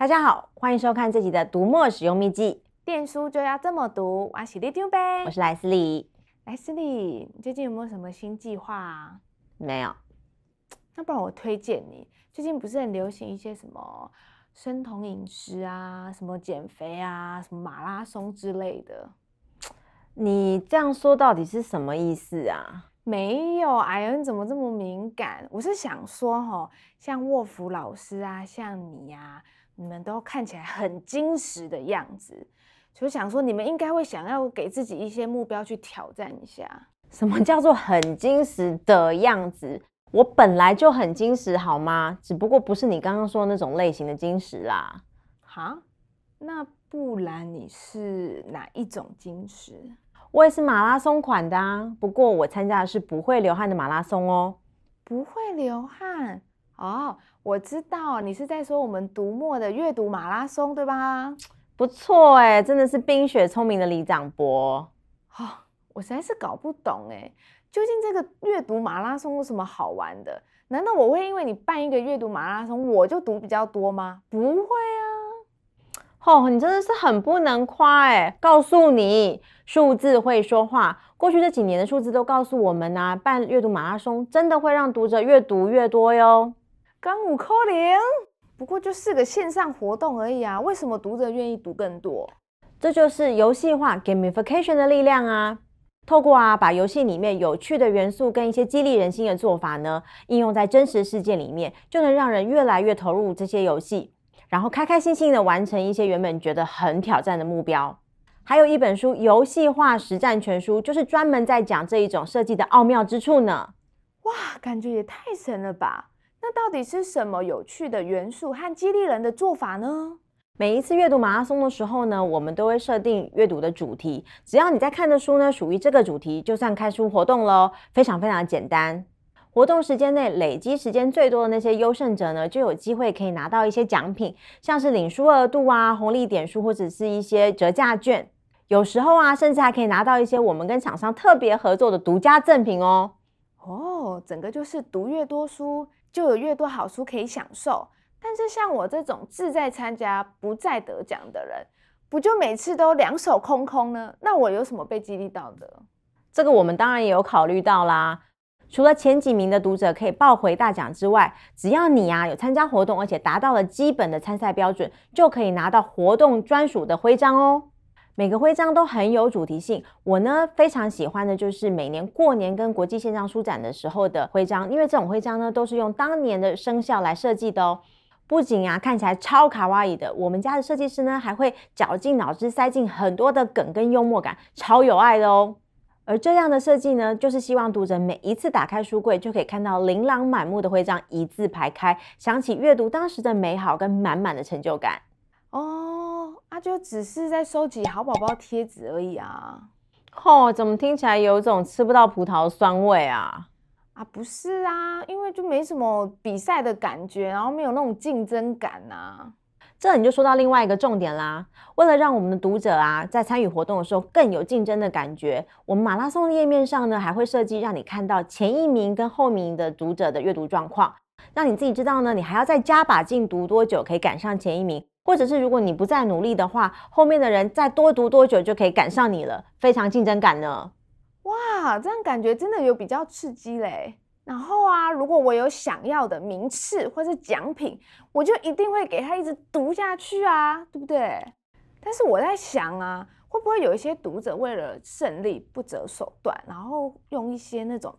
大家好，歡迎收看這集的《讀墨使用祕技》，電書就要這麼讀，哇，犀利丟唄！我是萊斯里，萊斯里，你最近有沒有什麼新計劃啊？沒有，那不然我推薦你，最近不是很流行一些什麼生酮飲食啊，什麼減肥啊，什麼馬拉松之類的？你這樣說到底是什麼意思啊？沒有哎，你怎麼這麼敏感？我是想說哦，像臥斧老師啊，像你呀、啊。你們都看起來很精實的樣子，就想說你們應該會想要給自己一些目標去挑戰一下。什麼叫做很精實的樣子？我本來就很精實，好嗎？只不過不是你剛剛說的那種類型的精實啦。好，那不然你是哪一種精實？我也是馬拉松款的啊，不過我參加的是不會流汗的馬拉松哦。不會流汗？哦，oh, 我知道你是在說我們讀墨的閱讀馬拉松，對吧？不錯哎，真的是冰雪聰明的里長伯。Oh, 我實在是搞不懂哎，究竟這個閱讀馬拉松有什麼好玩的？難道我會因為你辦一個閱讀馬拉松，我就讀比較多嗎？不會啊。哦，oh, 你真的是很不能誇哎，告訴你，數字會說話，過去這幾年的數字都告訴我們吶、啊，辦閱讀馬拉松真的會讓讀者越讀越多喲。鋼五扣零，不過就是個線上活動而已啊！為什麼讀者願意讀更多？這就是遊戲化 gamification 的力量啊！透過啊，把遊戲裡面有趣的元素跟一些激勵人心的做法呢，應用在真實世界裡面，就能讓人越來越投入這些遊戲，然後開開心心的完成一些原本覺得很挑戰的目標。還有一本書《遊戲化實戰全書》，就是專門在講這一種設計的奧妙之處呢！哇，感覺也太神了吧！那到底是什麼有趣的元素和激勵人的做法呢？每一次閱讀馬拉松的時候呢，我們都會設定閱讀的主題，只要你在看的書呢，屬於這個主題，就算開書活動了哦，非常非常簡單。活動時間內累積時間最多的那些優勝者呢，就有機會可以拿到一些獎品，像是領書額度啊、紅利點數，或者是一些折價券。有時候啊，甚至還可以拿到一些我們跟廠商特別合作的獨家贈品哦。哦，整個就是讀越多書。就有越多好書可以享受，但是像我這種志在參加、不在得獎的人，不就每次都兩手空空呢？那我有什麼被激勵到的？這個我們當然也有考慮到啦。除了前幾名的讀者可以抱回大獎之外，只要你啊有參加活動，而且達到了基本的參賽標準，就可以拿到活動專屬的徽章哦。每個徽章都很有主題性，我呢非常喜歡的就是每年過年跟國際線上書展的時候的徽章，因為這種徽章呢都是用當年的生肖來設計的哦，不僅啊看起來超卡哇伊的，我們家的設計師呢還會絞盡腦汁塞進很多的梗跟幽默感，超有愛的哦。而這樣的設計呢，就是希望讀者每一次打開書櫃就可以看到琳琅滿目的徽章一字排開，想起閱讀當時的美好跟滿滿的成就感哦。Oh, 就只是在收集好寶寶貼紙而已啊！吼、哦，怎麼聽起來有種吃不到葡萄酸味啊？啊，不是啊，因為就沒什麼比賽的感覺，然後沒有那種競爭感吶、啊。這你就說到另外一個重點啦。為了讓我們的讀者啊，在參與活動的時候更有競爭的感覺，我們馬拉松的頁面上呢，還會設計讓你看到前一名跟後一名的讀者的閱讀狀況，讓你自己知道呢，你還要再加把勁讀多久可以趕上前一名。或者是如果你不再努力的話，後面的人再多讀多久就可以趕上你了，非常競爭感呢。哇，這樣感覺真的有比較刺激嘞。然後啊，如果我有想要的名次或是獎品，我就一定會給他一直讀下去啊，對不對？但是我在想啊，會不會有一些讀者為了勝利不擇手段，然後用一些那種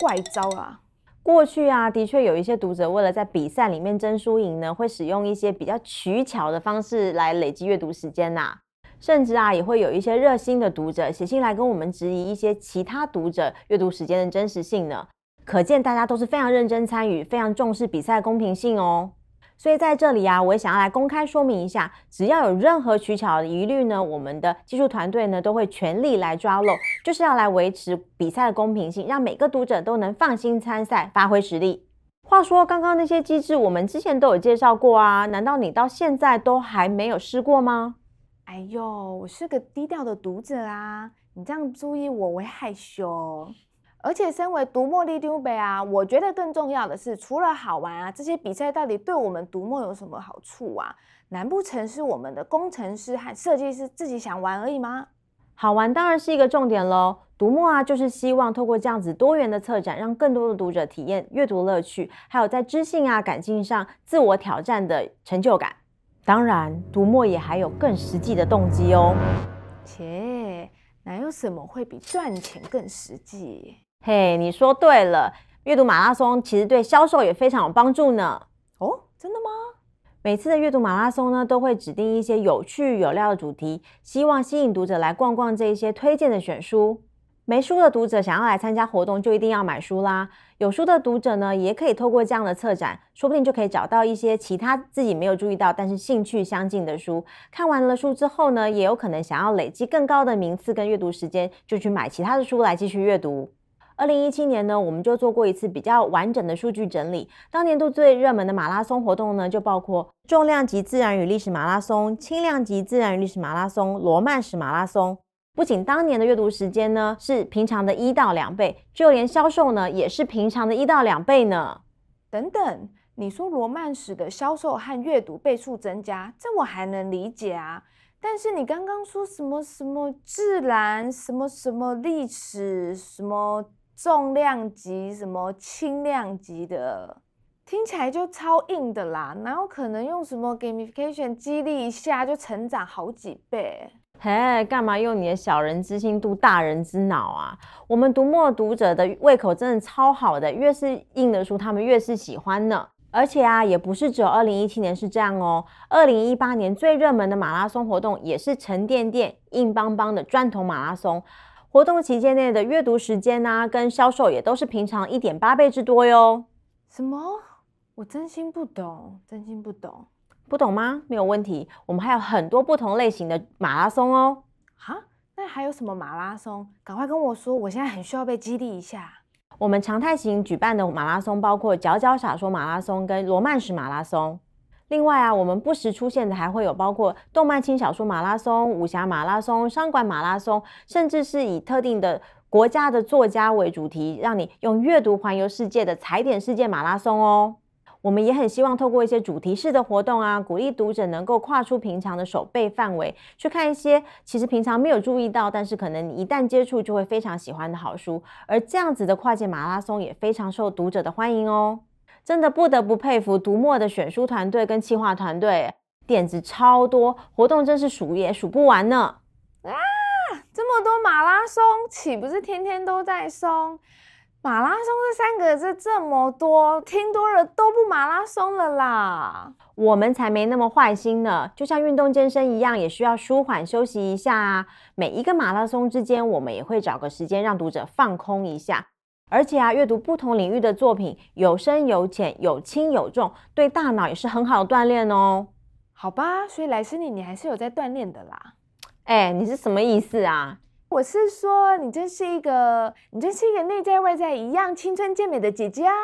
怪招啊？過去啊，的確有一些讀者為了在比賽裡面爭輸贏呢，會使用一些比較取巧的方式來累積閱讀時間吶、啊，甚至啊，也會有一些熱心的讀者寫信來跟我們質疑一些其他讀者閱讀時間的真實性呢。可見大家都是非常認真參與，非常重視比賽的公平性哦。所以在這裡啊，我也想要來公開說明一下，只要有任何取巧的疑慮呢，我們的技術團隊呢都會全力來抓漏，就是要來維持比賽的公平性，讓每個讀者都能放心參賽，發揮實力。話說剛剛那些機制，我們之前都有介紹過啊，難道你到現在都還沒有試過嗎？哎呦，我是個低調的讀者啊，你這樣注意我，我會害羞。而且，身為讀墨的丟 e 啊，我覺得更重要的是，除了好玩啊，這些比賽到底對我們讀墨有什麼好處啊？難不成是我們的工程師和設計師自己想玩而已嗎？好玩當然是一個重點嘍。讀墨啊，就是希望透過這樣子多元的策展，讓更多的讀者體驗閱讀樂趣，還有在知性啊、感性上自我挑戰的成就感。當然，讀墨也還有更實際的動機哦。切，哪有什麼會比賺錢更實際？嘿，hey, 你說對了，閱讀馬拉松其實對銷售也非常有幫助呢。哦，真的嗎？每次的閱讀馬拉松呢，都會指定一些有趣有料的主題，希望吸引讀者來逛逛這一些推薦的選書。沒書的讀者想要來參加活動，就一定要買書啦。有書的讀者呢，也可以透過這樣的策展，說不定就可以找到一些其他自己沒有注意到但是興趣相近的書。看完了書之後呢，也有可能想要累積更高的名次跟閱讀時間，就去買其他的書來繼續閱讀。二零一七年呢，我們就做過一次比較完整的數據整理。當年度最熱門的馬拉松活動呢，就包括重量級自然與歷史馬拉松、輕量級自然與歷史馬拉松、羅曼史馬拉松。不僅當年的閱讀時間呢是平常的一到兩倍，就連銷售呢也是平常的一到兩倍呢。等等，你說羅曼史的銷售和閱讀倍數增加，這我還能理解啊。但是你剛剛說什麼什麼自然，什麼什麼歷史，什麼？重量級什麼輕量級的，聽起來就超硬的啦，哪有可能用什麼 gamification 激勵一下就成長好幾倍？嘿，幹嘛用你的小人之心度大人之腦啊？我們讀墨讀者的胃口真的超好的，越是硬的書他們越是喜歡呢。而且啊，也不是只有二零一七年是這樣哦，二零一八年最熱門的馬拉松活動也是沉甸甸、硬邦邦的磚頭馬拉松。活動期間內的閱讀時間吶、啊，跟銷售也都是平常一點八倍之多喲。什麼？我真心不懂，真心不懂，不懂嗎？沒有問題，我們還有很多不同類型的馬拉松哦。哈，那還有什麼馬拉松？趕快跟我說，我現在很需要被激勵一下。我們常態型舉辦的馬拉松包括《腳腳小說馬拉松》跟《羅曼史馬拉松》。另外啊，我們不時出現的還會有包括動漫輕小說馬拉松、武俠馬拉松、商管馬拉松，甚至是以特定的國家的作家為主題，讓你用閱讀環遊世界的踩點世界馬拉松哦。我們也很希望透過一些主題式的活動啊，鼓勵讀者能夠跨出平常的守備範圍，去看一些其實平常沒有注意到，但是可能你一旦接觸就會非常喜歡的好書。而這樣子的跨界馬拉松也非常受讀者的歡迎哦。真的不得不佩服讀墨的選書團隊跟企劃團隊，點子超多，活動真是數也數不完呢！啊，這麼多馬拉松，豈不是天天都在松？馬拉松這三個字這麼多，聽多了都不馬拉松了啦！我們才沒那麼壞心呢，就像運動健身一樣，也需要舒緩休息一下啊。每一個馬拉松之間，我們也會找個時間讓讀者放空一下。而且啊，閱讀不同領域的作品，有深有淺，有輕有重，對大腦也是很好的鍛鍊哦。好吧，所以萊斯里，你還是有在鍛鍊的啦。哎，你是什麼意思啊？我是說，你真是一個，你真是一個內在外在一樣青春健美的姐姐啊！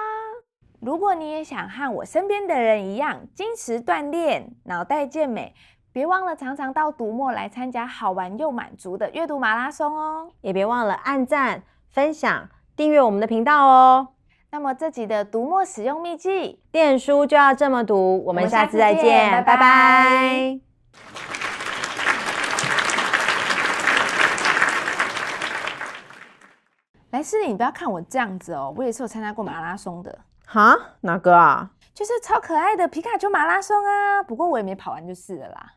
如果你也想和我身邊的人一樣堅持鍛鍊、腦袋健美，別忘了常常到讀墨來參加好玩又滿足的閱讀馬拉松哦。也別忘了按讚、分享。訂閱我們的頻道哦！那麼這集的讀墨使用秘技，電書就要這麼讀。我們下次再見，拜拜！萊斯你不要看我這樣子哦，我也是有參加過馬拉松的。哈？哪個啊？就是超可愛的皮卡丘馬拉松啊！不過我也沒跑完就是了啦。